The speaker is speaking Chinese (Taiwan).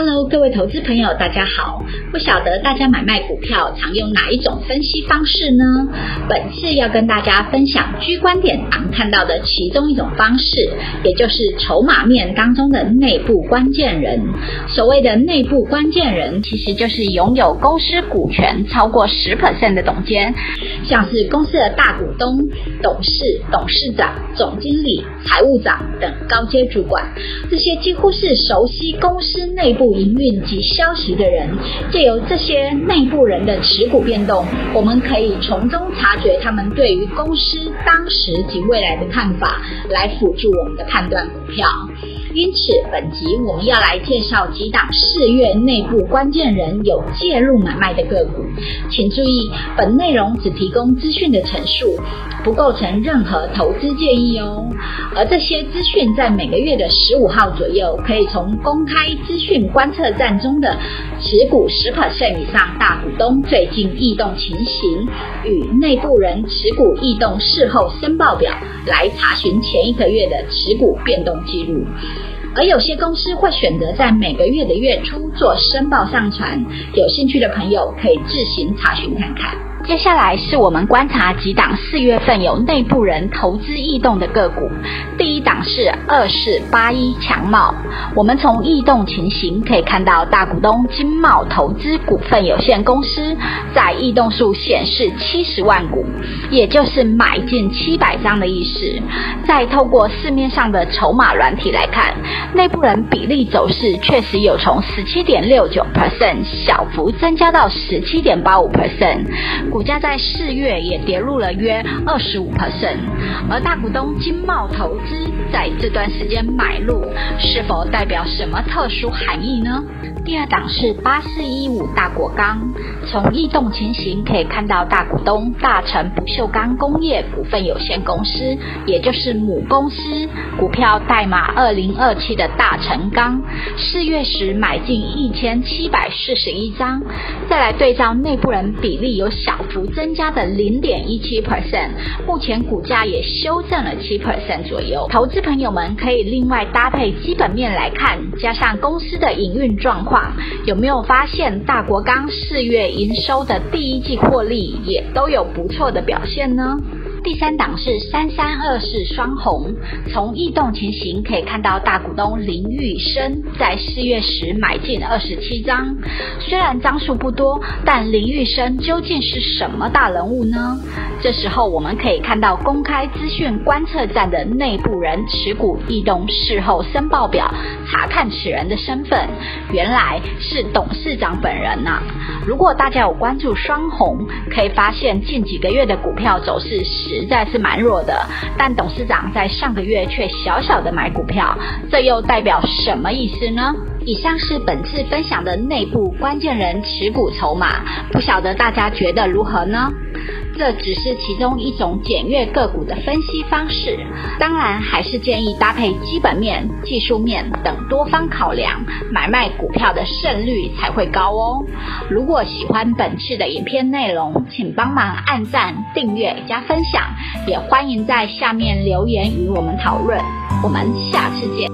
Hello，各位投資朋友，大家好。不曉得大家買賣股票常用哪一種分析方式呢？本次要跟大家分享居觀點堂看到的其中一種方式，也就是籌碼面當中的內部關鍵人。所謂的內部關鍵人，其實就是擁有公司股權超過十 percent 的董監，像是公司的大股東、董事、董事長、總經理、財務長等高階主管，這些幾乎是熟悉公司內部。營運及消息的人，借由這些內部人的持股變動，我們可以從中察覺他們對於公司當時及未來的看法，來輔助我們的判斷股票。因此，本集我們要來介紹幾檔四月內部關鍵人有介入買賣的個股。請注意，本內容只提供資訊的陳述，不構成任何投資建議哦。而這些資訊在每個月的十五號左右，可以從公開資訊。觀測站中的持股十 percent 以上大股東最近異動情形，與內部人持股異動事後申報表來查詢前一個月的持股變動記錄，而有些公司會選擇在每個月的月初做申報上傳，有興趣的朋友可以自行查詢看看。接下來是我們觀察幾檔四月份有內部人投資異動的個股。第一檔是2481強茂。我們從異動情形可以看到，大股東金茂投資股份有限公司在異動數顯示七十萬股，也就是買進七百張的意思。再透過市面上的籌碼軟體來看，內部人比例走勢確實有從十七點六九 percent 小幅增加到十七點八五 percent。股價在四月也跌入了約二十五 percent，而大股東強茂投資在這段時間買入，是否代表什麼特殊含義呢？第二檔是八四一五大國鋼，從異動情形可以看到，大股東大成不鏽鋼工業股份有限公司，也就是母公司股票代碼二零二七的大成鋼，四月時買進一千七百四十一張，再來對照內部人比例有小。幅增加的零點一七 percent，目前股價也修正了七 percent 左右。投資朋友們可以另外搭配基本面來看，加上公司的營運狀況，有沒有發現大國鋼四月營收的第一季獲利也都有不錯的表現呢？第三檔是三三二四雙紅，從異動情形可以看到大股東林玉生在四月時買進二十七張，雖然張數不多，但林玉生究竟是什麼大人物呢？這時候我們可以看到公開資訊觀測站的內部人持股異動事後申報表，查看此人的身份，原來是董事長本人吶、啊。如果大家有關注雙紅，可以發現近幾個月的股票走勢是。實在是蠻弱的，但董事長在上個月卻小小的買股票，這又代表什麼意思呢？以上是本次分享的內部關鍵人持股籌碼，不曉得大家覺得如何呢？這只是其中一種檢閱個股的分析方式，當然還是建議搭配基本面、技術面等多方考量，買賣股票的勝率才會高哦。如果喜歡本次的影片內容，請幫忙按讚、訂閱加分享，也歡迎在下面留言與我們討論。我們下次見。